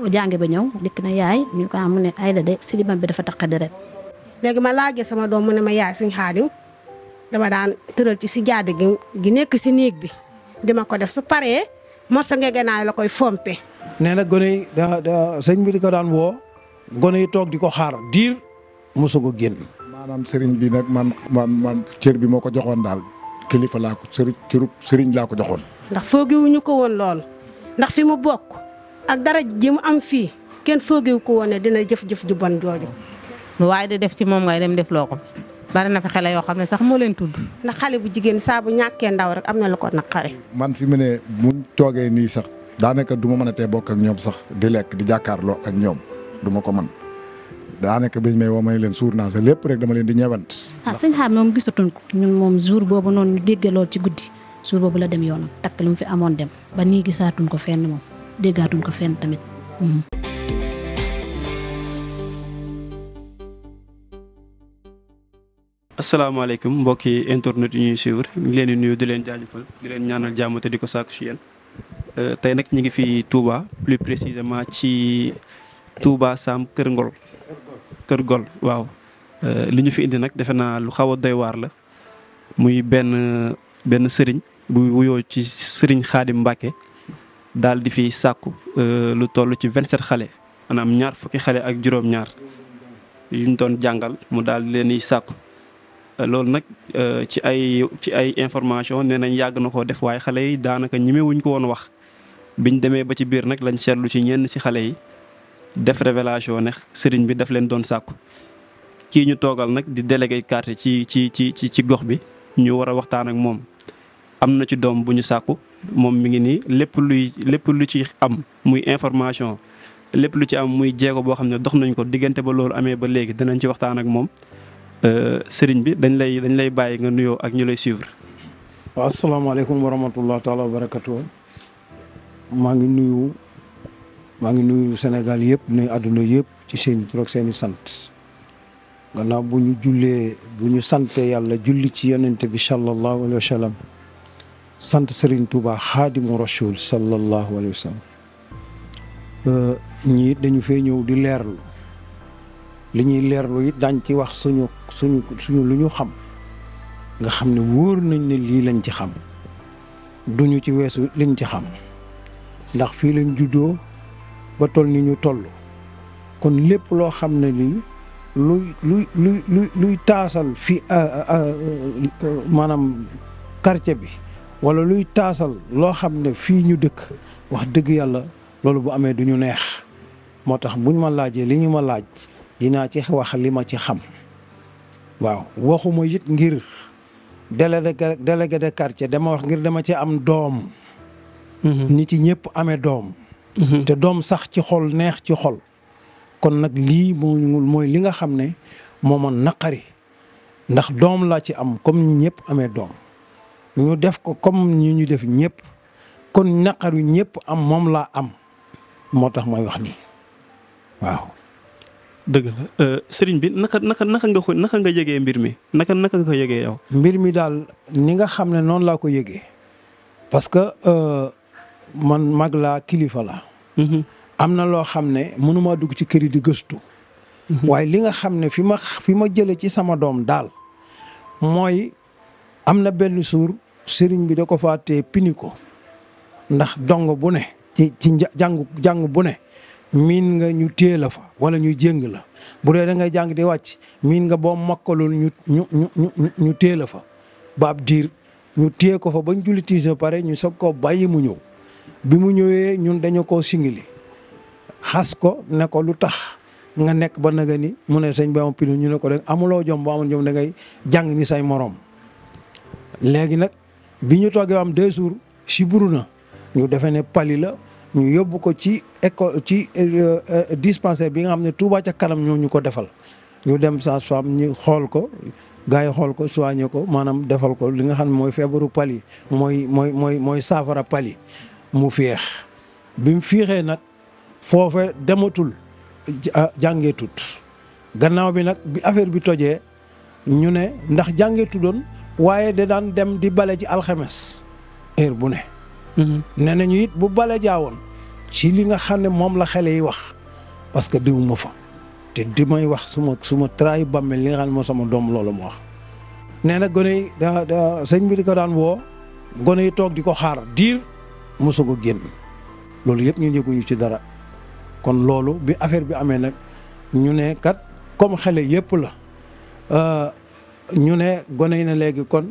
jànge ba ñëw dikk na yaay mu ne ay da de silibam bi dafa taq deret léegi ma laajee sama doom mu ne ma yaay suñ xaadim dama daan tëral ci si jaade gi gi nekk si néeg bi dima ko def su paree morso ngegenaay la koy fompe nee na gone yi da sëñ bi di ko daan woo gone yi toog di ko xaar diir mosu ko génn. maanaam sëriñ bi nag man man cër bi moo ko joxoon daal kilifa laa ko cëru cëru sëriñ laa ko joxoon. ndax foogiwuñu ko woon lool ndax fi mu bokk. ak dara ji mu am fii kenn foogewu ko woon ne dina jëf-jëf ju bon jooju. waaye di def ci moom ngay dem def loo ko bari na fi xale yoo xam ne sax moo leen tudd. ndax xale bu jigéen saabu bu ñàkkee ndaw rek am na lu ko naqare. man fi mu ne muñ toogee nii sax daanaka du ma mën a tee bokk ak ñoom sax di lekk di jàkkaarloo ak ñoom duma ma ko mën daanaka biñ may woo ma leen suur naa sa lépp rek dama leen di ñëwant. ah sëñ xaar moom gisatuñ ko ñun moom jour boobu noonu ñu lool ci guddi jour boobu la dem yoonam takk lu mu fi amoon dem ba nii ko fenn moom. déggaatuñ ko fenn tamit. Hmm. asalaamaaleykum mbokki internet yi ñuy suivre ñu ngi leen di nuyu di leen jaajëfal di leen ñaanal jàmm te di ko sàkku si yéen euh, tey nag ñu ngi fi Touba plus précisément ci Touba Sam Kër Ngol. Kër Ngol waaw euh, li ñu fi indi nag defe naa lu xaw a doy waar la muy benn benn sëriñ buy wuyoo ci sëriñ Xaadim Mbàkke daal di fi sàkku euh, lu toll ci vingt sept xale maanaam ñaar fukki xale ak juróom-ñaar yuñ doon jàngal mu daal di leen di sàkku euh, loolu nag euh, ci ay ci ay information nee nañ yàgg na koo def waaye xale yi daanaka ñemewuñ ko woon wax biñ demee ba ci biir nag lañ seetlu ci ñenn ci xale yi def révélation ne sëriñ bi daf leen doon sàkku kii ñu toogal nag di délégué quartier ci ci ci ci gox bi ñu war a waxtaan ak moom am na ci doom bu ñu sàkku moom mi ngi nii lépp luy lépp lu ci am muy information lépp lu ci am muy jéego boo xam ne dox nañ ko diggante ba loolu amee ba léegi dinañ ci waxtaan ak moom euh, sëriñ bi dañ lay dañ lay bàyyi nga nuyoo ak ñu lay suivre. waaw asalaamaaleykum wa rahmatulah taalaa wa barakatu maa ngi nuyu maa ngi nuyu Sénégal yëpp nuyu àdduna yëpp ci seen tur ak sant. gannaaw bu ñu jullee bu ñu sante yàlla julli ci yonente bi sallallahu alayhi wa sant Serigne Touba xaadimu rasul sallallahu alayhi wa sallam ñii dañu fee ñëw di leerlu li ñuy leerlu it dañ ci wax suñu suñu suñu lu ñu xam nga xam ne wóor nañ ne lii lañ ci xam duñu ci weesu liñ ci xam ndax fii lañ juddoo ba toll ni ñu toll kon lépp loo xam ne lii luy luy luy taasal fi maanaam quartier bi wala luy taasal loo xam ne fii ñu dëkk wax dëgg yàlla loolu bu amee du ñu neex moo tax buñ ma laajee li ñu ma laaj dinaa ci wax li ma ci xam waaw waxuma yit ngir délégué délégué de quartier dama wax ngir dama ci am doom. Mm-hmm. nit yi ñëpp amee doom. Mm-hmm. te doom sax ci xol neex ci xol. kon nag lii mooy li nga xam ne moo ma naqari ndax doom laa ci am comme ñi ñëpp amee doom. ñu def ko comme ñu ñu def ñëpp kon naqaru ñëpp am moom laa am moo tax may wax nii waaw. dëgg la euh, sëriñ bi naka naka naka nga ko nga yëgee mbir mi naka naka nga ko yëgee mbir mi daal ni nga xam ne noonu laa ko yëgee parce que euh, man mag laa kilifa la mm-hmm. am na loo xam ne mënuma dugg ci kër yi di gëstu. Mm-hmm. waaye li nga xam ne fi ma fi ma jëlee ci sama doom daal mooy am na benn suur sëriñ bi da ko fàttee pini ko ndax dong bu ne ci ci jàng jàng bu ne miin nga ñu téye la fa wala ñu jéng la bu dee da ngay jàng di wàcc miin nga boom mokkalul ñu ñu ñu ñu téye la fa ba ab diir ñu téye ko fa bañ julli timis ba pare ñu sog koo bàyyi mu ñëw bi mu ñëwee ñun dañu ko singili xas ko ne ko lu tax nga nekk ba naga ni mu ne sëñ bi am pinu ñu ne ko de amuloo jom boo amul jom da ngay jàng ni say moroom léegi nag bi ñu toogee am deux jours siburu ñu defee ne pali la ñu yóbbu ko ci école ci euh, euh, dispensaire bi nga xam ne Touba ca kanam ñoo ñu ko defal ñu dem sage-femme ñu xool ko gars yi xool ko soigné ko maanaam defal ko li nga xam ne mooy feebaru pali mooy mooy mooy mooy saafara pali mu féex bi mu nag foofe dematul jàngee tut gannaaw bi nag bi affaire bi tojee ñu ne ndax jàngee tudoon waaye da daan dem di bale ji alxemes heure bu ne. Mhm. nee nañu it bu bale jaawoon ci li nga xam ne moom la xale yi wax parce que diw fa te di may wax su ma su ma trahi bàmmeel li nga xam ne moo sama doom loolu mu wax. nee na gone yi sëñ bi di ko daan woo gone yi toog di ko xaar diir mosoo ko génn loolu yëpp ñu njëkkuñu ci dara kon loolu bi affaire bi amee nag ñu ne kat comme xale yëpp la. Euh, ñu ne gone yi na léegi kon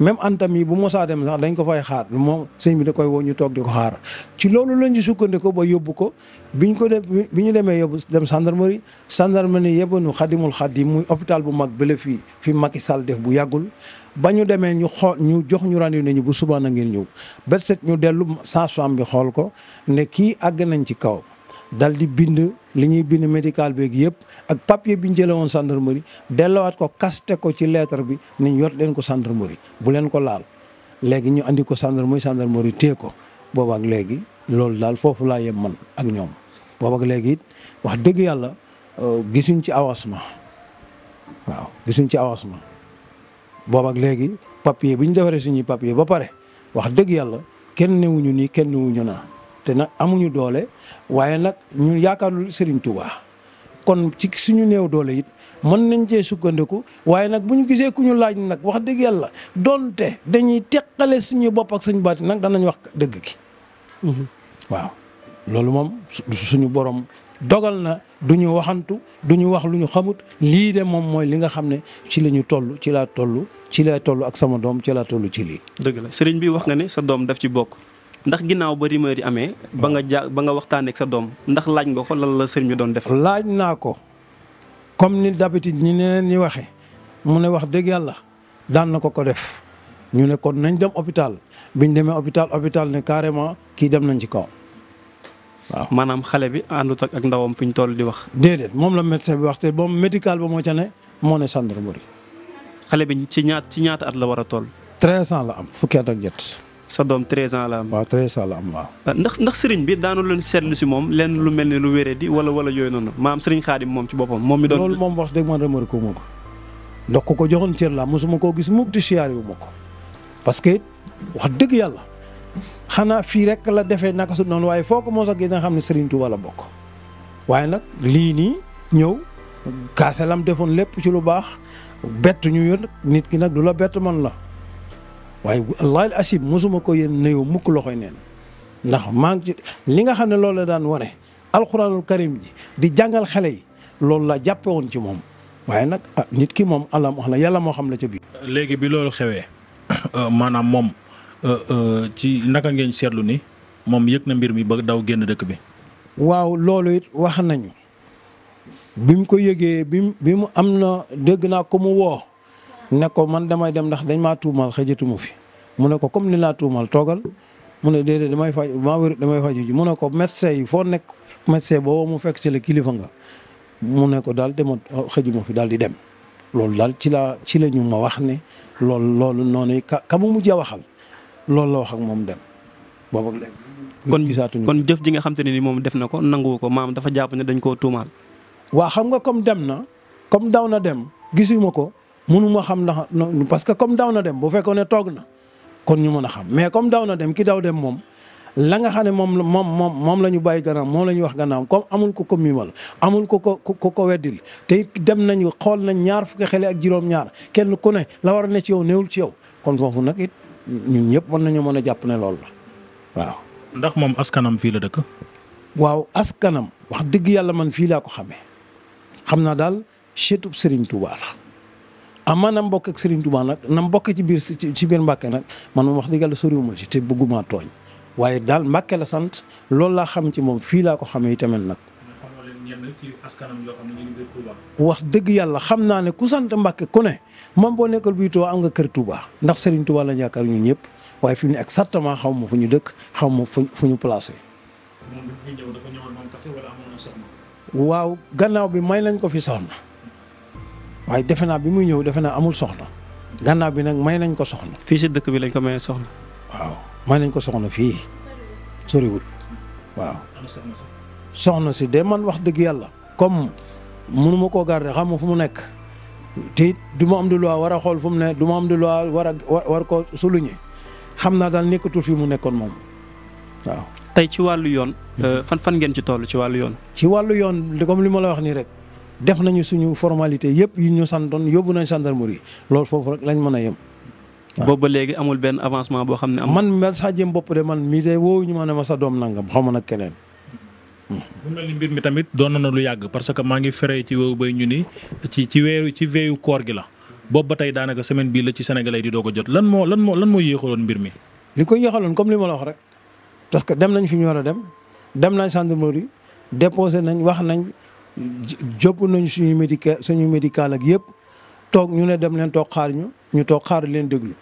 même antam yi bu mosaa dem sax dañ ko fay xaar moom sëñ bi da koy woo ñu toog di ko xaar ci loolu lañ ci sukkandiku ba yóbbu ko biñ ko def bi ñu demee yóbbu dem gendarmerie gendarmerie yëpp nu xadimul xadim muy hôpital bu mag bële fii fi Macky Sall def bu yàggul ba ñu demee ñu xool ñu jox ñu rendez-vous nañu bu subaa na ngeen ñëw ba set ñu dellu sage-femme bi xool ko ne kii àgg nañ ci kaw dal di bind li ñuy bind médical beeg yëpp ak papier bi ñu jëlee woon gendarmerie dellowaat ko kaste ko ci lettre bi ni ñu yor leen ko gendarmerie bu leen ko laal léegi ñu andi ko gendarmerie gendarmerie téye ko boobu ak léegi loolu daal foofu laa yem man ak ñoom boobu ak léegi it wax dëgg yàlla euh, gisuñ ci avancement waaw gisuñ ci avancement boobu ak léegi papier bi ñu defaree suñuy papier ba pare wax dëgg yàlla kenn newuñu nii kenn newuñu naa. te nag amuñu doole waaye nag ñu yaakaarul Serigne Touba kon ci suñu néew doole it mën nañ cee sukkandiku waaye nag bu ñu gisee ku ñu laaj nag wax dëgg yàlla donte dañuy teqale suñu bopp ak suñu baat nag danañ wax dëgg gi. Mhm. waaw loolu moom suñu borom dogal na du ñu waxantu du ñu wax lu ñu xamut lii de moom mooy li nga xam ne ci la ñu toll ci laa toll ci laa toll ak sama doom ci laa toll ci lii. dëgg la sëriñ bi wax nga ne sa doom daf ci bokk. ndax ginnaaw ba rumeur yi amee. ba nga ja ba nga waxtaaneek sa doom ndax laaj nga ko lan la sëriñ doon def. laaj naa ko comme ni d'habitude ñi ne ñi waxee mu ne wax dëgg yàlla daan na ko ko def ñu ne kon nañ dem hôpital biñ demee hôpital hôpital ne carrément kii dem nañ ci kaw. waaw maanaam xale bi àndut ak ndawam fi ñu toll di wax. déedéet moom la médecin bi wax te moom médical ba moo ca ne moo ne gendarmerie. xale bi ci ñaat ci ñaata at la war a toll. treize ans la am fukki at sa doom 13 ans la am. waaw ah, ndax ndax sëriñ bi daanu leen seetlu si moom lenn lu mel ne lu wéree di wala wala yooyu noonu maam sëriñ xaadim moom ci boppam moom mi doon. loolu moom wax dëgg man remarqué wu ko ndax ku ko joxoon cër la mosuma koo gis mukk di siyaare wu ma ko parce que wax dëgg yàlla xanaa fii rek la defee naka su noonu waaye foo ko mos a gis nga xam ne sëriñ Tuuba la bokk waaye nag lii nii ñëw kaase lam defoon lépp ci lu baax bett ñu yoon nit ki nag du la bett man la. waaye laal asib mosuma ko yéen nuyoo mukk loxoy neen ndax maa ngi li nga xam ne loolu la daan wane alxuraanul karim ji di jàngal xale yi loolu la jàppe woon ci moom waaye nag ah, nit ki moom allah wax na yàlla moo xam ne ca biir. léegi bi loolu xewee euh, maanaam moom euh, euh, ci naka ngeen seetlu ni moom yëg na mbir mi ba daw génn dëkk bi. waaw loolu it wax nañu bi mu ko yëgee bi mu am na dégg naa ko mu woo ne ko man damay dem ndax dañ maa tuumaal xëjatuma fi mu ne ko comme ni laa tuumaal toogal mu ne déedéet damay faj maa wér damay faju ji mu ne ko médecin yi foo nekk médecin boo mu fekk ci la kilifa nga mu ne ko daal dema ah, xëjuma fi daal di dem loolu daal ci laa ci la ñu wax ne loolu loolu noonu ka ka mu mujj a loolu la moom dem boobu ak kon jëf ji nga xam ne ni moom def na ko nanguwu ko maam dafa jàpp ne dañ koo tuumaal. waa xam nga comme dem na comme daw na dem gisuma ko mënu ma xam ndax parce que comme daw na dem bu fekkoon ne toog na kon ñu mën a xam mais comme daw na dem ki daw dem moom la xam ne moom moom moom moom la ñu bàyyi gannaaw moom la ñu wax gannaaw comme amul ko ko miimal amul ko ko ko ko weddil tey dem nañu xool nañ ñaar fukki xale ak juróom-ñaar kenn ku ne la war a ne ci yow newul ci yow kon foofu nag it ñu ñëpp mën nañu mën a jàpp ne loolu la waaw. ndax moom askanam fii la dëkk. waaw askanam wax dëgg yàlla man fii laa ko xamee xam naa daal céetub Serigne Touba amaa na mbokk ak Serigne Touba nag na mbokk ci biir ci biir Mbàkke nag man moom wax dëgg yàlla soriwuma ci te bëgguma tooñ waaye daal Mbàkke la sant loolu laa xam ci moom fii laa ko xamee itamit nag. wax dëgg yàlla xam naa ne ku sant Mbàkke ku ne moom boo nekkal bii too am nga kër Touba ndax Serigne Touba la yaakaar ñun ñëpp waaye fi mu ne exactement xaw ma fu ñu dëkk xaw ma fu ñu placé. waaw gannaaw bi may lañ ko fi soxna. waaye defe naa bi muy ñëw defe naa amul soxna gannaaw bi nag may nañ ko soxna. fii si dëkk bi lañ ko mayee soxna. waaw may nañ ko soxna fii soriwul waaw. si de man wax dëgg yàlla. comme mënu ma koo garder xam ma fu mu nekk te du ma am di loi war a xool fu mu ne du ma am di loi war a war ko souligner xam naa daal nekkatul fii mu nekkoon moom waaw. tey ci wàllu yoon. Mm-hmm. Euh, fan fan ngeen ci toll ci wàllu yoon. ci wàllu yoon comme li ma la wax nii rek. def nañu suñu formalité yëpp yi ñu santoon yóbbu nañ gendarmerie loolu foofu rek lañ mën a yem. boobu ba léegi amul benn avancement boo xam ne. man man saa jëm bopp de man mii de woowuñu ma ne sa doom nangam xaw ma nag keneen. mbir mi tamit doon na lu yàgg parce que maa ngi feree ci wéewu bay ñu ni ci ci weeru ci weeyu koor gi la boobu ba tey daanaka semaine bii la ci Sénégalais di doo ko jot lan moo lan moo lan moo yéexaloon mbir mi. li ko yéexaloon comme li ma la wax rek parce que dem nañ fi ñu war a dem dem nañ gendarmerie déposé nañ wax nañ jóg nañ suñu médica suñu médical ak yëpp toog ñu ne dem leen toog xaar ñu ñu toog xaar leen déglu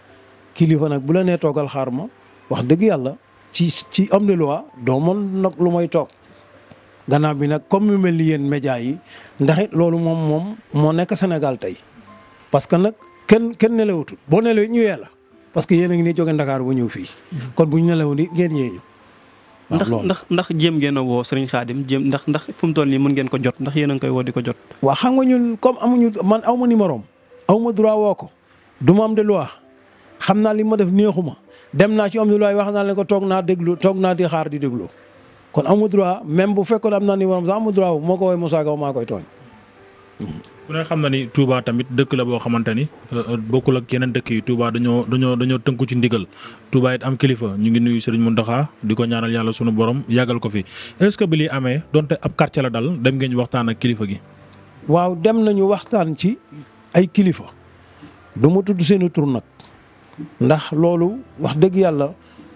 kilifa nag bu la nee toogal xaar ma wax dëgg yàlla ci ci am de loi doo mën nag lu may toog gannaaw bi nag comme mu mel ni yéen média yi ndax it loolu moom moom moo nekk senegal tey parce que nag kenn kenn nelawatul boo nelawee ñu yee la parce que yéen a ngi nii joge Ndakaar bu ñëw fii mm-hmm. kon bu ñu nelaw ni ngeen yee ñu ndax ndax ndax jéem ngeen woo Serigne Khadim jéem ndax ndax fu mu toll nii mën ngeen ko jot ndax yéen a ngi koy woo di ko jot. waa xam nga ñun comme amuñu man aw ma numéro am aw ma droit woo ko du ma am de loi xam naa li ma def neexuma dem naa ci am de loi wax naa leen ko toog naa déglu toog naa di xaar di déglu kon amu droit même bu fekkoon am naa numéro am sax amu droit moo ko woowee Moussa Gaw maa koy tooñ ku ne xam na ni Touba tamit dëkk la boo xamante ni euh, bokkul ak keneen dëkk yi Touba dañoo dañoo dañoo tënku ci ndigal Touba it am kilifa ñu ngi nuyu Serigne Mountakha di ko ñaaral yàlla sunu borom yàggal ko fi est-ce que bi li amee donte ab quartier la dal dem ngeen waxtaan ak kilifa gi. waaw dem nañu waxtaan ci ay kilifa du ma tudd seeni tur nag ndax loolu wax dëgg yàlla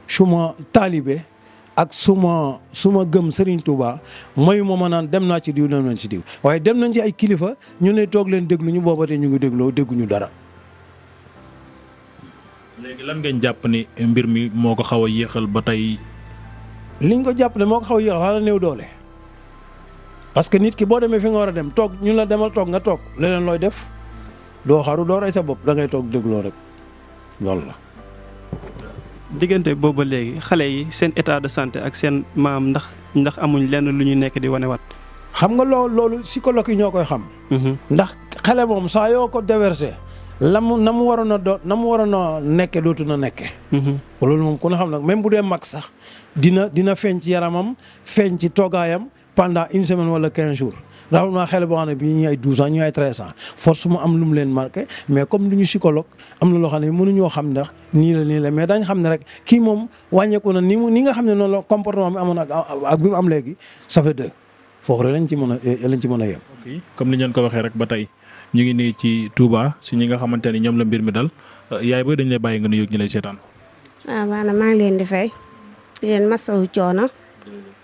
suma taalibe ak suma suma gëm sëriñ Touba mayu ma ma naan dem naa ci diw dem nañ ci diw waaye dem nañ ci ay kilifa ñu ne toog leen déglu ñu booba ñu ngi dégloo dégguñu dara. léegi lan ngeen jàpp ni mbir mi moo ko xaw a yéexal ba tey. liñ ko jàpp ne moo ko xaw a yéexal xanaa new doole parce que nit ki boo demee fi nga war a dem toog ñu la demal toog nga toog leneen looy def doo xaru doo rey sa bopp dangay toog dégloo rek loolu la. diggante booba léegi xale yi seen état de santé ak seen maam ndax ndax amuñ lenn lu ñuy nekk di wanewaat. xam nga loolu loolu psychologue yi ñoo koy xam. Mhm. ndax xale moom saa yoo ko déversé la mu na mu waroon a do na mu waroon a nekke dootu na nekke mhm. loolu moom ku ne xam nag même bu dee mag sax dina dina feeñ ci yaramam feeñ ci toogaayam pendant une semaine wala quinze jours. raw naa xele boo xam ne bii ñu ay 12 ans ñu ay 13 ans force mu am lu mu leen marqué mais comme du ñu psychologue am na loo xam ne mënuñoo xam ndax nii la ne rek kii mu la comportement bi amoon ak ak bi mu am léegi ça fait a eh, lañ a yem. ok comme ni ñu ko waxee rek ba eh, yaay booy dañ lay bàyyi nga nuyu ñu lay seetaan. Ah, waaw maanaam maa leen di fay di leen masawu coono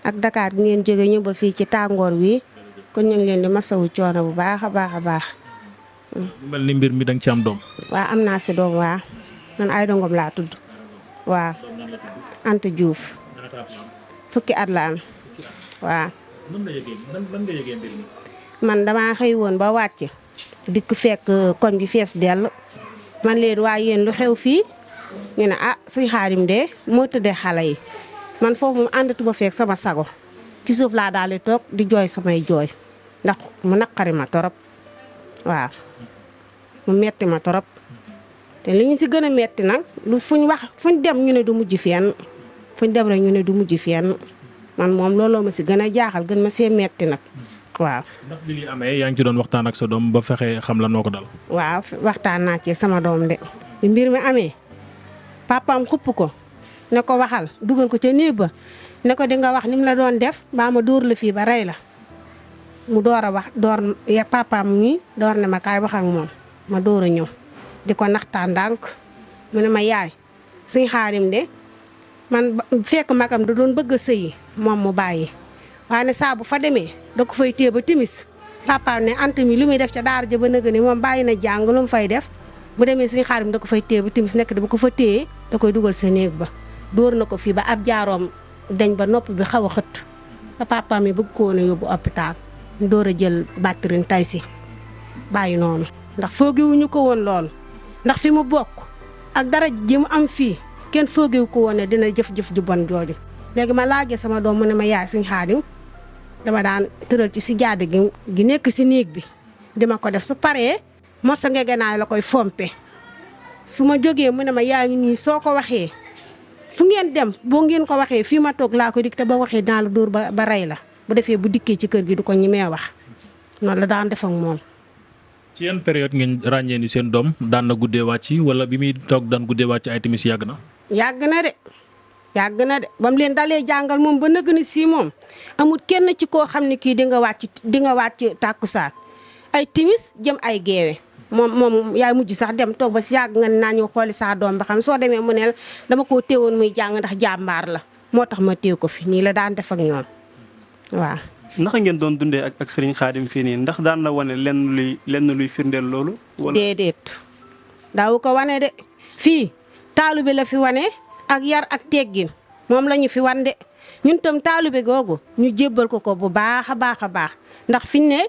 ak Dakar ngeen jóge ñëw ba fii ci tàngoor wi kon ñu ngi leen di masawu coono bu baax a baax a baax. mu ni mbir mi da nga ci am doom. waaw am naa si doom waa man ay dongom laa tudd waaw. Anta Diouf. fukki at la am waaw. man damaa xëy woon ba wàcc. dikk fekk koñ bi fees dell. man leen waa yéen lu xew fii ñu ne ah suñu xaarim de moo tëddee xale yi man foofu mu àndatuma fekk sama sago. ci laa daal di toog di jooy samay jooy ndax mu naqari ma torop waaw mu metti ma torop te li ñu si gën a metti nag lu fuñ wax fuñ dem ñu ne du mujj fenn fuñ dem rek ñu ne du mujj fenn man moom looloo ma si gën a jaaxal gën ma see metti nag waaw. ndax bi yaa ngi ci doon waxtaan ak sa doom ba fexe xam la noo ko dal. waaw waxtaan naa ci sama doom de bi mbir mi amee papaam xupp ko ne ko waxal dugal ko ca néeg ba ne ko di nga wax ni mu la doon def baa ma dóor la fii ba rey la mu door a wax door ya papaam mi door ne ma kaay wax ak moom ma dóor a ñëw di ko naxtaan ndànk mu ne ma yaay suñ xaarim de man fekk magam da doon bëgg a sëyi moom mu bàyyi waaye ne saa bu fa demee da ko fay téye ba timis papaam ne ant mi lu muy def ca daar ja ba nëgë ni moom bàyyi na jàng lu mu fay def bu demee suñ xaarim da ko fay téye ba timis nekk da bu ko fa téye da koy dugal sa néeg ba dóor na ko fii ba ab jaaroom dañ ba nopp bi xaw a xëtt ba papa mi bëgg ko woon yóbbu hôpital door a jël batterin tay si bàyyi noonu. ndax foogewuñu ko woon lool ndax fi mu bokk ak dara ji mu am fii kenn foogewu ko woon ne dina jëf-jëf ju bon jooju. léegi ma laajee sama doom mu ne ma yaay suñ xaadim dama daan tëral ci si jadd gi gi nekk si néeg bi dima ko def su paree morso ngegenaay la koy fompe su ma jógee mu ne ma yaa ngi nii soo ko waxee. fu ngeen dem boo ngeen ko waxee fii ma toog laa ko dik te boo waxee naa la dóor ba ba rey la bu defee bu dikkee ci kër gi du ko ñemee wax noonu la daan def moom. ci yan période ngeen ràññee ni seen doom daan na guddee wàcc wala bi muy toog daan guddee wàcc ay timis yàgg na. yàgg na de yàgg na de ba leen dalee jàngal moom ba nëgg ni sii moom amul kenn ci koo xam ne kii di wàcc di nga wàcc tàkkusaan ay timis jëm ay geewe moom moom yaay mujj sax dem toog ba si yàgg nga ne naa ñëw xooli saa doom ba xam soo demee mu ne dama koo téewoon muy jàng ndax jàmbaar la moo tax ma téew ko fi nii la daan defak ak ñoom waaw. naka ngeen doon dundee ak ak Serigne Khadim fii nii ndax daan la wane lenn luy lenn luy firndeel loolu. wala déedéet daawu ko wane de fii taalu bi la fi wane ak yar ak teggin moom la fi wan de ñun tam taalu bi googu ñu jébbal ko ko bu baax a baax a baax ndax fi ne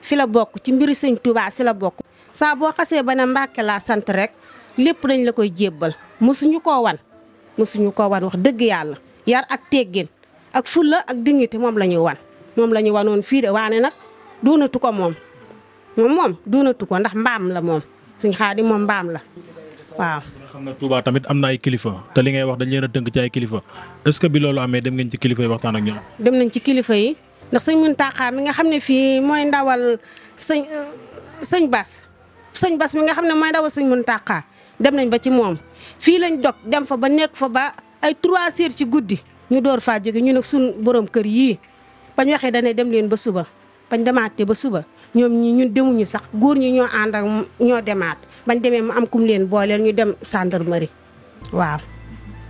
fi la bokk ci mbiru sëñ Touba si la bokk. saa boo xasee ba ne Mbàkke laa sant rek lépp dañ la koy jébbal mosuñu ko wan mosuñu ko wan wax dëgg yàlla yar ak teggin ak fulla ak dignité moom la ñu wan moom la ñu wanoon fii de waane nag doonatu ko moom moom moom doonatu ko ndax mbaam la moom suñ xaadi moom mbaam la waaw. xam na Touba tamit am na ay kilifa te li ngay wax dañ leen a tënk ci ay kilifa est ce que bi loolu amee dem ngeen ci kilifa yi waxtaan ak ñoom. dem nañ ci kilifa yi ndax sëñ Muntaxa mi nga xam ne fii mooy ndawal sëñ sëñ sëñ bas mi nga xam ne mooy ndawal sëñ Muntaxa dem nañ ba ci moom fii lañ dog dem fa ba nekk fa ba ay trois heures ci guddi ñu door faa jóge ñu ne suñ boroom kër yii bañ waxee dana dem leen ba suba bañ demaatee ba suba ñoom ñi ñun demuñu sax góor ñi ñoo ànd ak ñoo demaat bañ demee mu am kum leen booleel ñu dem gendarmerie waaw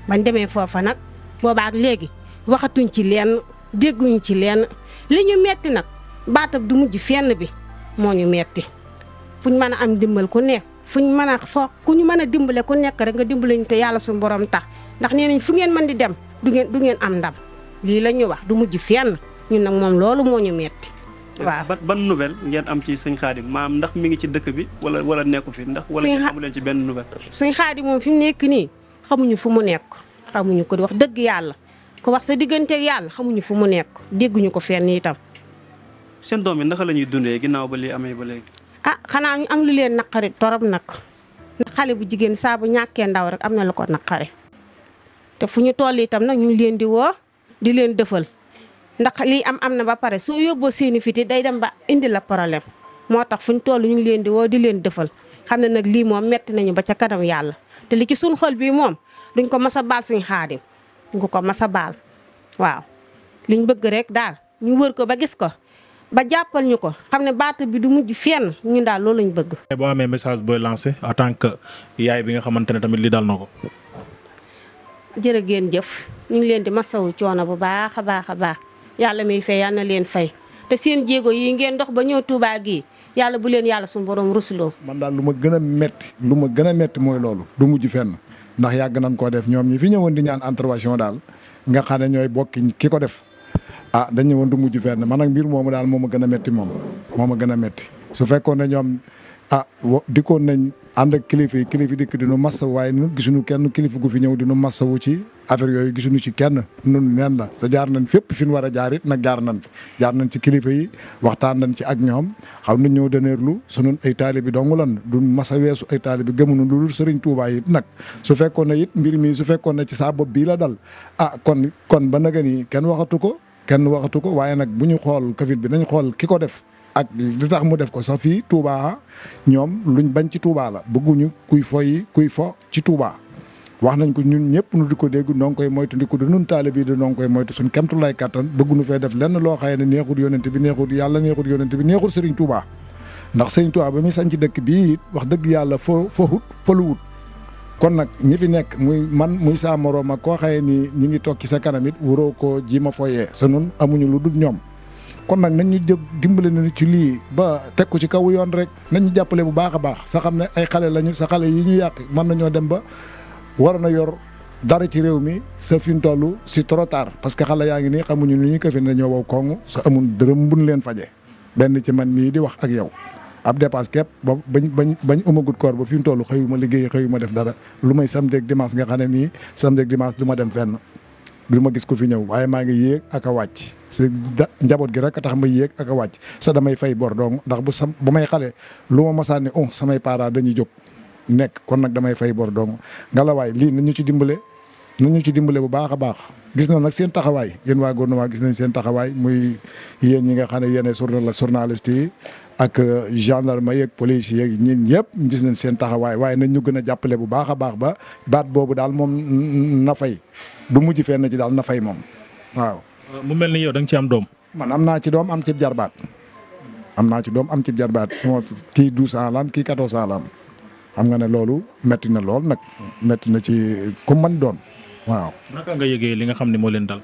bañ demee foofa nag boobaat léegi waxatuñ ci leen dégguñ ci leen li ñu metti nag baatab du mujj fenn bi moo ñu metti fu ñu mën a am dimbal ku nekk fuñ mën a foo ku ñu mën a dimbale ku nekk rek nga dimbale ñu te yàlla suñ borom tax ndax nee nañ fu ngeen mën di dem du ngeen du ngeen am ndam lii la ñuy wax du mujj fenn ñu nag moom loolu moo ñu metti waaw ban ban nouvelle ngeen am ci sëñ Xaadim maam ndax mi ngi ci dëkk bi wala wala nekku fi ndax. wala ngeen xamu leen ci benn nouvelle. sëñ Xaadim moom fi mu nekk nii xamuñu fu mu nekk xamuñu ko wax dëgg yàlla ko wax sa diggante ak yàlla xamuñu fu mu nekk dégguñu ko fenn itam. seen doom yi naka la ñuy dundee ginnaaw ba lii amee ba léegi. ah xanaa ñu am lu leen naqari torop nag xale bu jigéen saa bu ñàkkee ndaw rek am na lu ko naqari te fu ñu toll itam nag ñu leen di woo di leen dëfal ndax lii am am na ba pare soo yóbboo seeni fiti day dem ba indi la problème moo tax fu ñu toll ñu ngi leen di woo di leen dëfal xam ne nag lii moom metti nañu ba ca kanam yàlla te li ci suñ xol bii moom duñ ko mas a baal suñ xaadim duñ ko ko mas a baal waaw liñ bëgg rek daal ñu wër ko ba gis ko ba jàppal ñu ko xam ne baat bi du mujj fenn ñun daal loolu ñu bëgg. boo amee message booy lancé a tan que yaay bi nga xamante ne tamit li dal na ko. jërë ngeen jëf ñu ngi leen di masawu coono bu baax a baax a baax yàlla miy fay yàlla leen fay te seen jéego yi ngeen dox ba ñëw Touba gi yàlla bu leen yàlla suñu borom rusloo. man daal lu ma gën a metti lu ma gën a metti mooy loolu du mujj fenn ndax yàgg nañ koo def ñoom ñi fi ñëwoon di ñaan intervention daal nga xam ne ñooy bokki ki ko def. ah dañ ne du mujj fenn man nag mbir moomu daal moo ma gën a métti moom moo ma gën a métti su fekkoon ne ñoom ah dikkoon nañ ànd ak kilifa yi kilifa dikk di nu masawu waaye ñun gisuñu kenn kilifa gu fi ñëw di nu masawu ci affaire yooyu gisuñu ci kenn nun neen la sa nañ fépp fi ñu war a jaar it nag jaar nañ jaar nañ ci kilifa yi waxtaan nañ ci ak ñoom xaw nañ ñoo dëneerlu sunu ay taali bi dong lan du masa weesu ay taali bi gëmuñu lu dul sëriñ Tuubaa it nag su fekkoon ne it mbir mi su fekkoon na ci saa bopp bii la dal a ah, kon kon ba naga ni kenn waxatu ko kenn waxatu ko waaye nag bu ñu xool Covid bi nañ xool ki ko def ak li tax mu def ko sax fii Touba ñoom luñ bañ ci tuubaa la bëgguñu kuy foy kuy fo ci Touba. wax nañ ko ñun ñëpp nu di ko dégg noo ngi koy moytu di ko du nun taalibe yi di noo ngi koy moytu suñ kemtulaay kattan bëgguñu fee def lenn loo xaye ne neexul yonent bi neexul yàlla neexul yonent bi neexul Serigne Touba. ndax Serigne Touba ba muy sañ ci dëkk bii wax dëgg yàlla fo fo hut faluwut kon nag ñi fi nekk muy man muy saa moroom ak koo xaye ni ñi ngi toog ci sa kanamit it waroo koo ji ma sa nun amuñu lu dul ñoom kon nag nañ ñu jë dimbale nañu ci lii ba teg ci kaw yoon rek nañ jàppale bu baax a baax sa xam ne ay xale lañu sa xale yi ñu yàq mën nañoo dem ba war na yor dara ci réew mi sa fi ñu toll si trop tard parce que xale yaa ngi nii xamuñu nu ñuy këfin dañoo wow koomu sa amul dërëm buñ leen faje benn ci man mii di wax ak yow ab dépense képp ba bañ bañ bañ umagut koor ba fi mu toll xëyu liggéey xëyu ma def dara lu may samedi ak dimanche nga xam ne nii samedi ak dimanche du ma dem fenn du ma gis ko fi ñëw waaye maa ngi yéeg ak a wàcc si njaboot gi rek a tax ma yéeg ak a wàcc sa damay fay bor doom ndax bu sam bu may xale lu ma mosaan ne oh, samay parents dañuy jóg nekk kon nag damay fay bor doom nga la waay lii nañu ci dimbale nañu ci dimbale bu baax a baax gis na nag seen taxawaay yéen waa gouvernement gis nañ seen taxawaay muy yéen ñi xam ne yéen ay journal la journaliste yi ak euh, gendarme yeeg police yeeg ñun ñëpp gis nañ seen taxawaay waaye nañ ñu gën a jàppale bu baax a baax ba baat boobu daal moom na fay du mujj na ci daal na fay moom waaw. mu mel ni yow da nga ci doom. man am naa ci doom am ci jarbaat am naa ci doom am ci jarbaat sama kii douze ans la am kii quatorze ans la am loolu metti na lool nag metti na ci ku man doon waaw. naka nga yëgee li nga xam ne moo leen dal.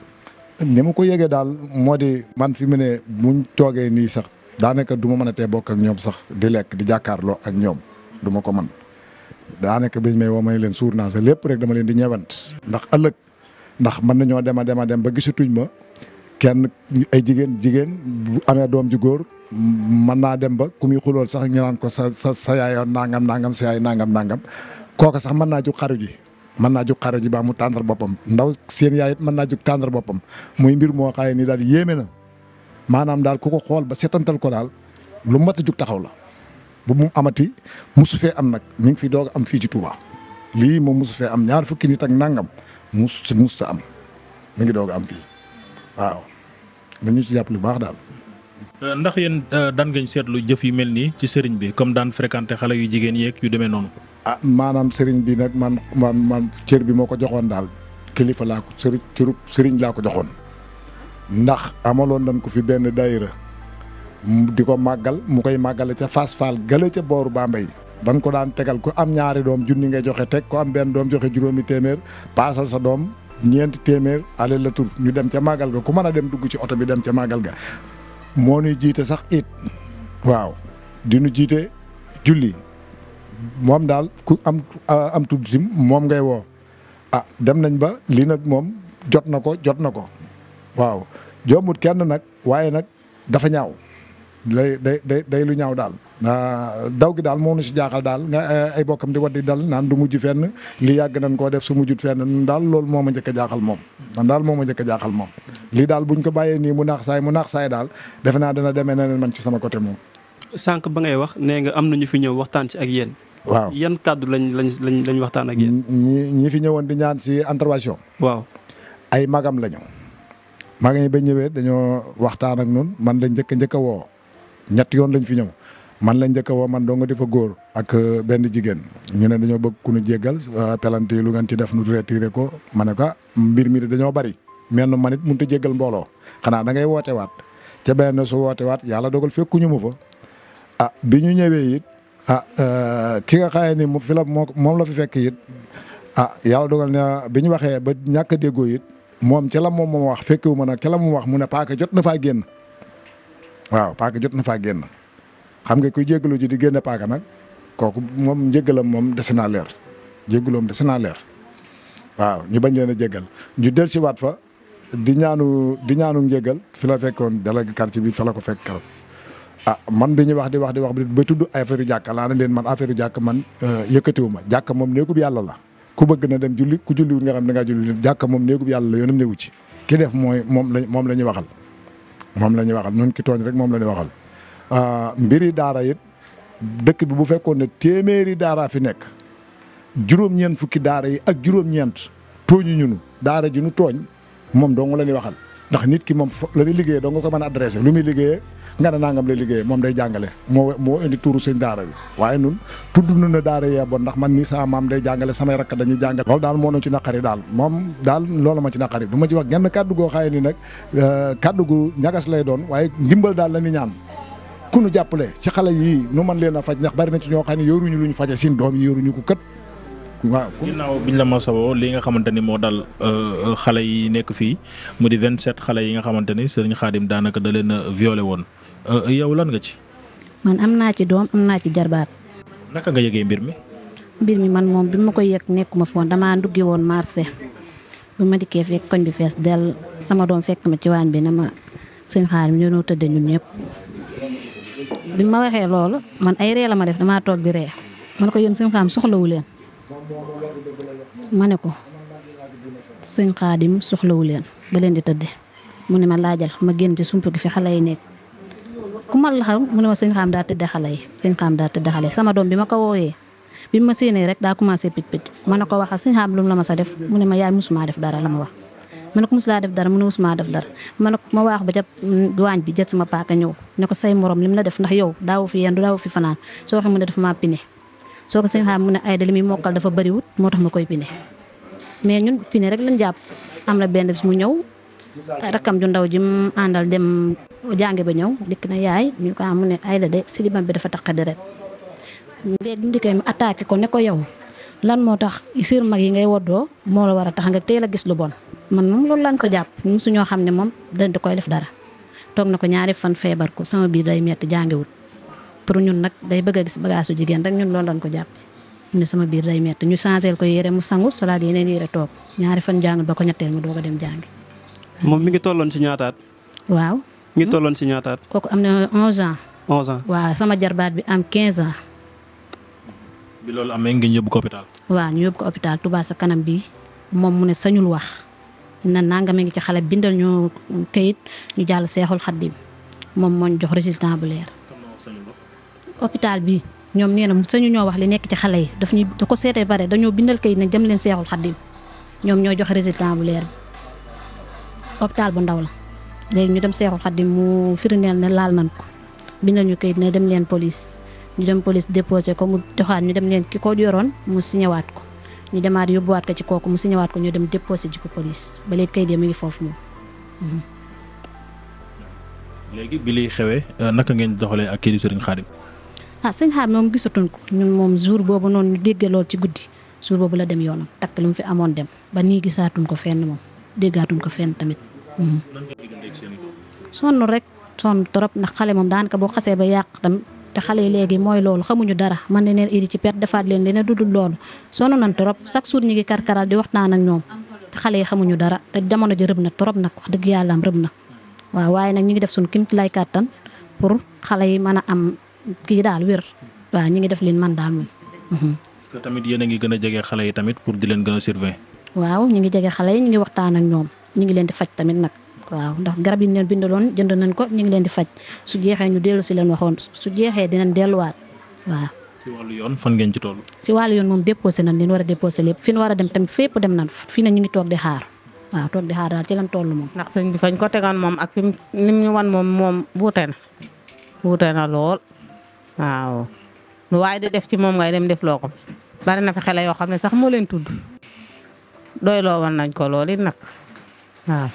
ni ma ko yëgee daal moo di man fi mu ne buñ toogee nii sax daanaka du ma mën a tee bokk ak ñoom sax di lekk di jàkkaarloo ak ñoom duma ko man daanaka biñ may woo ma leen suur naa sa lépp rek dama leen di ñewant ndax ëllëg ndax mën nañoo dem a dem a dem ba gisatuñ ma kenn ay jigéen jigéen bu amee doom ju góor mën naa dem ba ku muy xulool sax ñu naan ko sa sa sa yaayoon nangam nangam sa yaay nangam nangam kooka sax mën naa jug xaru ji mën naa jug xaru ji ba mu tàndar boppam ndaw seen yaay it mën naa jug tàndar boppam muy mbir moo xaye ni daal yéeme na maanaam daal ku ko xool ba seetantal ko daal lu mat a jug taxaw la bu mu amati musu fee am nag mi ngi fi doog am fii ci Touba lii moom musu fee am ñaar fukki nit ak nangam mus mus ta am mi ngi doog am fii waaw nañu ci jàpp lu baax daal. Euh, ndax yéen euh, daan ngeen seetlu jëf yu mel nii ci sëriñ bi comme daan fréquenté xale yu jigéen yeek yu demee noonu. ah maanaam sëriñ bi nag man man man cër bi moo ko joxoon daal kilifa laa ko sëriñ sëriñ laa ko joxoon. ndax amaloon nañ ko fi benn daayira di ko màggal mu koy màggale ca Fass Fall gële ca booru baa mbay dañ ko daan tegal ku am ñaari doom junni ngay joxe teg ku am benn doom joxe juróomi téeméer paasal sa doom ñeenti téeméer ale la tur ñu dem ca màggal ga ku mën a dem dugg ci oto bi dem ca màggal ga moo ñuy jiite sax it waaw dinu jiite julli moom daal ku am am tudd si moom ngay woo a ah, dem nañ ba lii nag moom jot na ko jot na ko waaw jombut kenn nag waaye nag dafa ñaaw lay day day day lu ñaaw daal. daw gi daal moom nu si jaaxal daal nga eh, ay bokkam di di dal naan du mujj fenn lii yàgg nañ koo def su mujjut fenn daal lool moo ma njëkk a jaaxal moom. man daal moo ma njëkk a jaaxal moom. lii daal buñ ko bàyyee nii mu naax saay mu naax saay daal defe naa dana demee neneen man ci sama côté moom. sànq ba ngay wax nee nga am na ñu fi ñëw waxtaan ci ak yéen. waaw yan kàddu lañ lañ lañ waxtaan ak yéen. ñi ñi fi ñëwoon di ñaan si intervention. waaw ay magam lañu. maga ñi ba ñëwee dañoo waxtaan ak ñun man lañ njëkk njëkk a woo ñett yoon lañ fi ñëw man lañ njëkk a woo man doo nga di fa góor ak euh, benn jigéen ñu ne dañoo bëgg ku ñu jéggal euh, pelante lu ngeen ci def nu retiré ko ma ne ko mbir mi dañoo bari mel na man it mënut a jéggal mbooloo xanaa da ngay woote waat ca benn su woote waat yàlla dogal fekkuñu mu fa ah bi ñu ñëwee a ah euh, ki nga xaye ni mu fi la moom la fi fekk it ah yala dogal na bi ñu waxee ba ñàkk a it moom ca la moom moo wax fekkewu ma nag ca mu wax mu ne paaka jot na faa génn waaw paaka jot na faa génn xam nga koy jéggalu ji di génne paaka nag kooku moom njéggalam moom dese naa leer jéggalam dese leer waaw ñu bañ leen a jéggal ñu del si waat fa di ñaanu di ñaanu njéggal fi la fekkoon délégué quartier bi fa la ko fekk keroog ah, man bi ñuy wax di wax di wax ba tudd affaire jàkka laa ne leen man affaire jàkk man euh, yëkkatiwu ma jàkk moom néegub yàlla la ku bëgg na dem julli ku julliwut nga xam da ngaa julli jàkka moom néegub yàlla la yoonam néewu ci ki def mooy moom la moom la ñuy waxal moom la ñuy waxal ñun ki tooñ rek moom la ñuy waxal ah, mbiri daara it dëkk bi bu fekkoon ne téeméeri daaraa fi nekk juróom-ñeent fukki daara yi ak juróom-ñeent tooñu ñunu daara ji nu tooñ moom dong la ñuy waxal ndax nit ki moom la ñuy liggéeyee dong nga ko mën a adressé lu muy liggéeyee nga ne nangam lay liggéeyee moom day jàngale moo moo indi tuuru sëñ daara bi waaye nun tudd nu ne daara yee bon ndax man mii sama maam day jàngale samay rakk dañuy jàngale loolu daal moo na ci naqari daal moom daal loolu ma ci naqari du ma ci wax genn kàddu goo xaye na nag euh, kàddu gu ñagas lay doon waaye ndimbal daal la ni ñaan ku nu jàppale ci xale yii nu mën leen a faj ndax bari na ci ñoo xam ne yoruñu lu ñu faje sin doom yi ñu ko kët waaw ginnaaw biñ la ma saboo li nga xamante ni moo dal euh, xale yi nekk fii mu di 27 xale yi nga xamante ni sëriñ Xaadim daanaka da leen a woon Eh, yow lan nga ci. man am naa ci doom am naa ci jarbaat. naka nga yëgee mbir mi. mbir mi man moom bi ma koy yëg nekkuma foon damaa nduggi woon marché bu ma dikkee fekk koñ bi fees dell sama doom fekk ma ci waañ bi na ma sëñ xaar mi tëdde tëddee ñun ñëpp. bi ma waxee loolu man ay ree la ma def damaa toog bi ree man ko yéen sëñ xaar soxlawu leen ma ne ko sëñ xaadim soxlawu leen ba leen di tëddee mu ne ma laajal ma génn ci sump gi fi xale yi nekk. ku ma la xam mu ne ma sëñ xaam daa tëdd xale yi sëñ xaam daa tëdd xale yi sama doom bi ma ko wooyee bi ma séenee rek daa commencé pit pit ma ne ko wax sëñ xaam lu la ma sa def mu ne ma yaay musuma def dara la ma wax ma ne ko ma ne ma waax mm, waañ bi jël sama paaka ñëw ne ko say morom lim la def ndax yow daawu fi yendu daawu fi fanaan soo xam mu ne daf ma pine soo ko sëñ xaam mu ne ay da li mokkal dafa bëriwut moo tax ma koy pine mais ñun pine rek lañ jàpp am na benn bis mu rakam ju ndaw ji mu àndal dem jànge ba ñëw dikk na yaay ñu ko am mu ne ay la de silibam bi dafa taq deret léegi ñu dikkee ko ne ko yow lan moo tax sir mag yi ngay woddoo moo la war a tax nga teel a gis lu man moom loolu lañ ko jàpp ñun suñoo xam ne moom dañ koy def dara toog na ko ñaari fan feebar ko sama biir day metti jàngiwul pour ñun nag day bëgg a gis bagaasu jigéen rek ñun loolu lañ ko jàpp mu ne sama biir day metti ñu changé ko yére mu sangu solaat yeneen yére toog ñaari fan jàngul ba ko ñetteel mu doog a dem jàngi moom mi ngi tolloon si ñaataat. waaw. mi tolloon si kooku am na 11 ans. 11 ans waaw sama jarbaat bi am quinze ans. bi loolu amee ngeen yóbbu ko hôpital. waaw ñu yóbbu ko hôpital Touba sa kanam bi moom mu ne sañul wax na nanga ma ngi ci xale bindal ñu kayit ñu jàll seexul xaddim moom moo ñu jox résultat bu leer. hôpital bi ñoom nee na sañu ñoo wax li nekk ci xale yi daf ñu da ko seetee bare dañoo bindal këyit nag jëm leen seexul xaddim ñoom ñoo joxe résultat bu leer hôpital bu ndaw la léegi ñu dem Seexul Xaddim mu firndeel ne laal nañ ko bindal ñu kayit ne dem leen police ñu dem police déposé ko mu joxaat ñu dem leen ki ko yoroon mu siñewaat ko ñu demaat yóbbuwaat ko ci kooku mu siñewaat ko ñu dem déposé ji ko police ba léegi kayit ya mu ngi foofu moom. Mhm. léegi bi xewee euh, naka ngeen doxalee ak kii di Serigne Khadim. ah sëñ Khadim moom gisatuñ ko ñun moom jour boobu noonu ñu déggee lool ci guddi jour boobu la dem yoonam takk lu mu fi amoon dem ba nii gisaatuñ ko fenn moom. déggaatuñ ko fenn tamit. Hmm. sonn rek sonn trop ndax xale moom daanaka boo xasee ba yàq tam te xale yi léegi mooy loolu xamuñu dara man ne leen indi ci perte defaat leen du du loolu sonn nañ trop chaque jour ñi ngi karkaral di waxtaan ak ñoom te xale yi xamuñu dara te jamono ji rëb na trop nag wax dëgg yàlla am rëb na waaw waaye nag ñu ngi def suñu kim lay kàttan pour xale yi mën a am kii daal weer waaw ñu ngi def leen man daal moom. parce hmm. que tamit yéen ngi waaw ñu ngi jege xale yi ñu ngi waxtaan ak ñoom ñu ngi leen di faj tamit nag waaw ndax garab yi ñu leen bindaloon jënd nañ ko ñu ngi leen di faj su jeexee ñu dellu si leen waxoon su jeexee dinañ delluwaat waaw. si wàllu yoon fan ngeen ci toll. si wàllu yoon moom déposé nañ di ñu war lépp fi ñu war a dem fépp dem nañ fi ne ñu ngi toog di xaar waaw toog di xaar daal ci lan toll moom. ndax sañ bi fañ ko tegoon moom ak fi mu ñu mu wan moom moom wuute na wuute na lool waaw lu waaye di def ci moom ngay dem def loo ko bari na fi xale xam ne doyloo woon nañ ko lool it nag waaw.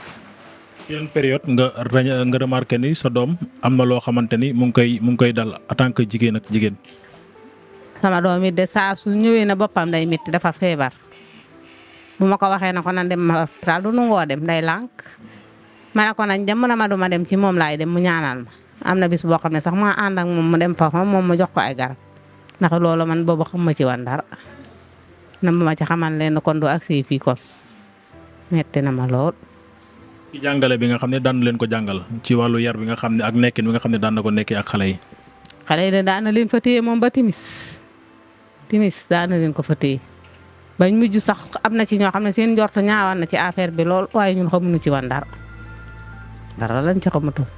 yan période nga nga remarqué ni sa doom am na loo xamante ni mu ngi koy mu ngi koy dal en tant que jigéen ak jigéen. sama doom yi de saa ñëwee na boppam day métti dafa feebar bu ma ko waxee na ko nan dem ma hôpital du nungoo dem nday lànk ma ne ko nañ dem mu ne ma du ma dem ci moom laay dem mu ñaanal ma am na bis boo xam ne sax ma ànd ak moom mu dem fa moom mu jox ko ay garab ndax loolu man boobu xam ma ci wan dara. na ma ci xamal leen kon du agsi fii kon metti na ma lool. ci jàngale bi nga xam ne daan leen ko jàngal ci wàllu yar bi nga xam ne ak nekkin bi nga xam ne daan na ko nekkee ak xale yi. xale yi ne daan na leen fa téye moom ba timis timis daa na leen ko fa téye bañ mujj sax am na ci ñoo xam ne seen njort ñaawan na ci affaire bi lool waaye ñun xamuñu ci wan dara dara lañ ci xamutoon.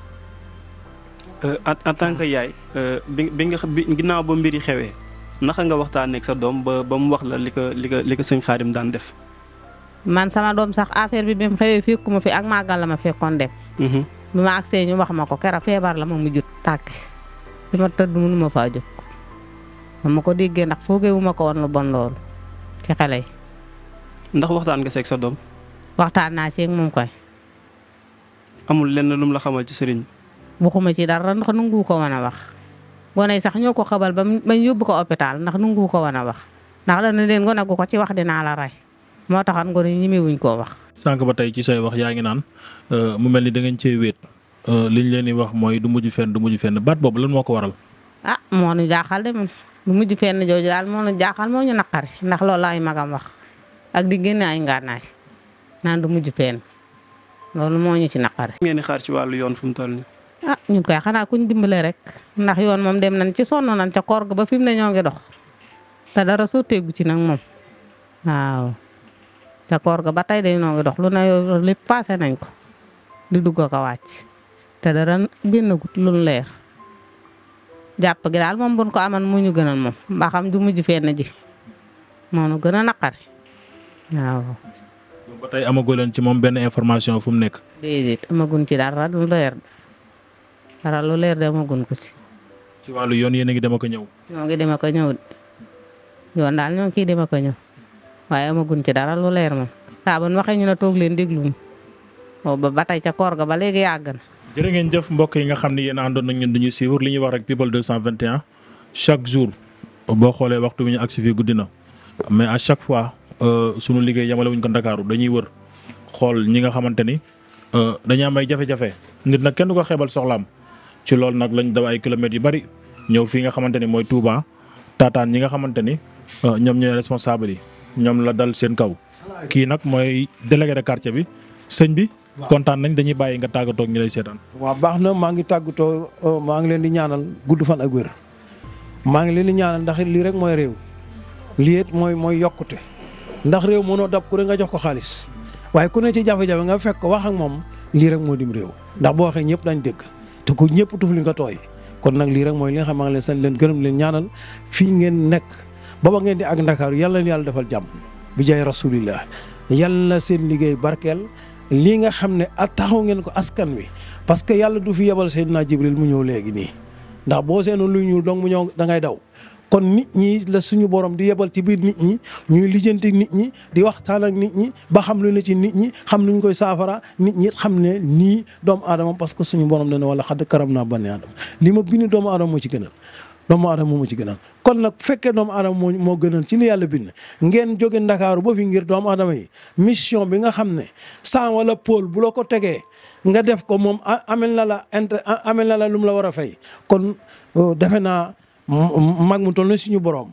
Euh, en tant que yaay euh, bi nga ginnaaw ba mbiri xewee naka nga waxtaanee ek sa doom ba ba mu wax la li ko li ko li ko sëñ Xaadim daan def. man sama doom sax affaire bi bi mu xëyee fekku ma fi ak màggal la ma fekkoon dem. Mhm. bi ma agsee ñu wax ma ko keroog feebar la ma mujjut tàkk bi ma tëdd mënu ma faa jóg. ma ko déggee ndax foogeewu ma ko woon lu bon loolu ci xale yi. ndax waxtaan nga seeg sa doom. waxtaan naa seeg moom koy. amul lenn lum la xamal ci sëriñ. waxuma ci dara ndax nangu ko mën a wax. gone yi sax ñoo ko xabal ba bañ yóbbu ko hôpital ndax nangu ko woon a wax ndax la ne leen gone gu ko ci wax dinaa la rey moo taxoon gone yi ñemewuñ koo wax. sànq ba tey ci say wax yaa ngi naan euh, mu mel ni da ngeen cee wéet euh, liñ leen di wax mooy du mujj feen du mujj fenn baat boobu lan moo ko waral. ah moo nu jaaxal de man du mujj fenn jooju daal moo nu jaaxal moo ñu naqari ndax loolu la ay magam wax ak di génne ay ngànnaay naan du mujj fenn loolu moo ñu ci naqari. ngeen di ci wàllu yoon fu mu toll nii ah ñun koy xanaa kuñ dimbale rek ndax yoon moom dem nañ ci sonn nañ ca koor ga ba fi mu ne ñoo ngi dox te dara sotteegu ci nag moom waaw ca koor ga ba tey day noo ngi dox lu ne lépp passé nañ ko di dugg ko wàcc te dara génnagut lu leer jàpp gi daal moom buñ ko aman mu ñu gënal moom mbaa xam ju mujj fenn ji moo nu gën a waaw. ba tey amagu leen ci moom benn information fu nekk. dara lu leer demagun ko si. ci wàllu yoon yéen a ngi dem ak a ñëw. ñoo ngi dem ak a ñëw yoon daal ñoo ngi ciy dem ak a ñëw waaye amagun ci dara lu leer moom saa ba nu waxee ñu ne toog leen déglu ba ba tey ca koor ga ba léegi yàgg na. jërë ngeen jëf mbokk yi nga xam ne yéen àndoon nañ ñun ñu suivre li ñuy wax rek people 221 chaque jour boo xoolee waxtu bi ñu agsi fii guddi na mais à chaque fois euh, sunu liggéey yamale wuñ ko ndakaaru dañuy wër xool ñi nga xamante ni euh, dañu am ay jafe-jafe nit kenn du ko xeebal soxlaam. ci loolu nag lañ daw ay kilomètres yu bari ñëw fii nga xamante ni mooy Touba taataan ñi nga xamante ni euh, ñoom ñooy responsable yi ñoom la dal seen kaw. kii nag mooy délégué de quartier bi sëñ bi. kontaan nañ dañuy bàyyi nga tàggatoo ak lay seetaan. waaw baax na maa ngi tàggatoo euh, maa ngi leen di ñaanal gudd fan ak wér maa ngi leen di ñaanal ndax lii rek mooy réew lii mooy mooy yokkute ndax réew mënoo dab ku rek nga jox ko xaalis waaye ku ne ci jafe-jafe nga fekk ko wax ak moom lii rek moo dim réew ndax boo waxee ñëpp dañ dégg. te ku ñëpp tuf li nga tooy kon nag lii rek mooy li nga xam maa ngi leen leen gërëm leen ñaanal fii ngeen nekk baba ngeen di ak ndakaaru yàlla na yàlla defal jàmm bi jaay rasulillah yàlla na seen liggéey barkeel lii nga xam ne a taxaw ngeen ko askan wi parce que yàlla du fi yebal seen naa Jibril mu ñëw léegi nii ndax boo seen luy ñuul dong ñëw da ngay daw kon nit ñi la suñu borom di yebal ci biir nit ñi ñuy lijjanti nit ñi di waxtaan ak nit ñi ba xam lu ne ci nit ñi xam lu koy saafara nit ñi xam ne nii doomu aadama parce que suñu borom dana wala xadd karam naa bani aadama li ma bind doomu aadama moo ci gënal doomu aadama moo ci gënal kon nag bu fekkee doomu aadama moo moo gënal ci li yàlla bind ngeen joge ndakaaru ba fi ngir doomu adama yi mission bi nga xam ne sans wala pôle bu la ko tegee nga def ko moom amel na la inter amel na la lu mu la war a fay euh, mag mu toll na suñu boroom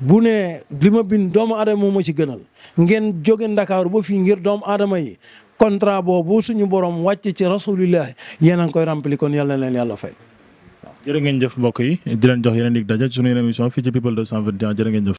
bu ne li ma bind doomu aadama moo ci gënal ngeen jóge ndakaaru ba fii ngir doomu aadama yi contrat boobu suñu boroom wàcc ci rasulillah yéen a ngi koy rempli kon yàlla na leen yàlla fay. jërë ngeen jëf mbokk yi di jox yeneen dig daje ci yeneen émission fii ci people 221 jërë ngeen jëf.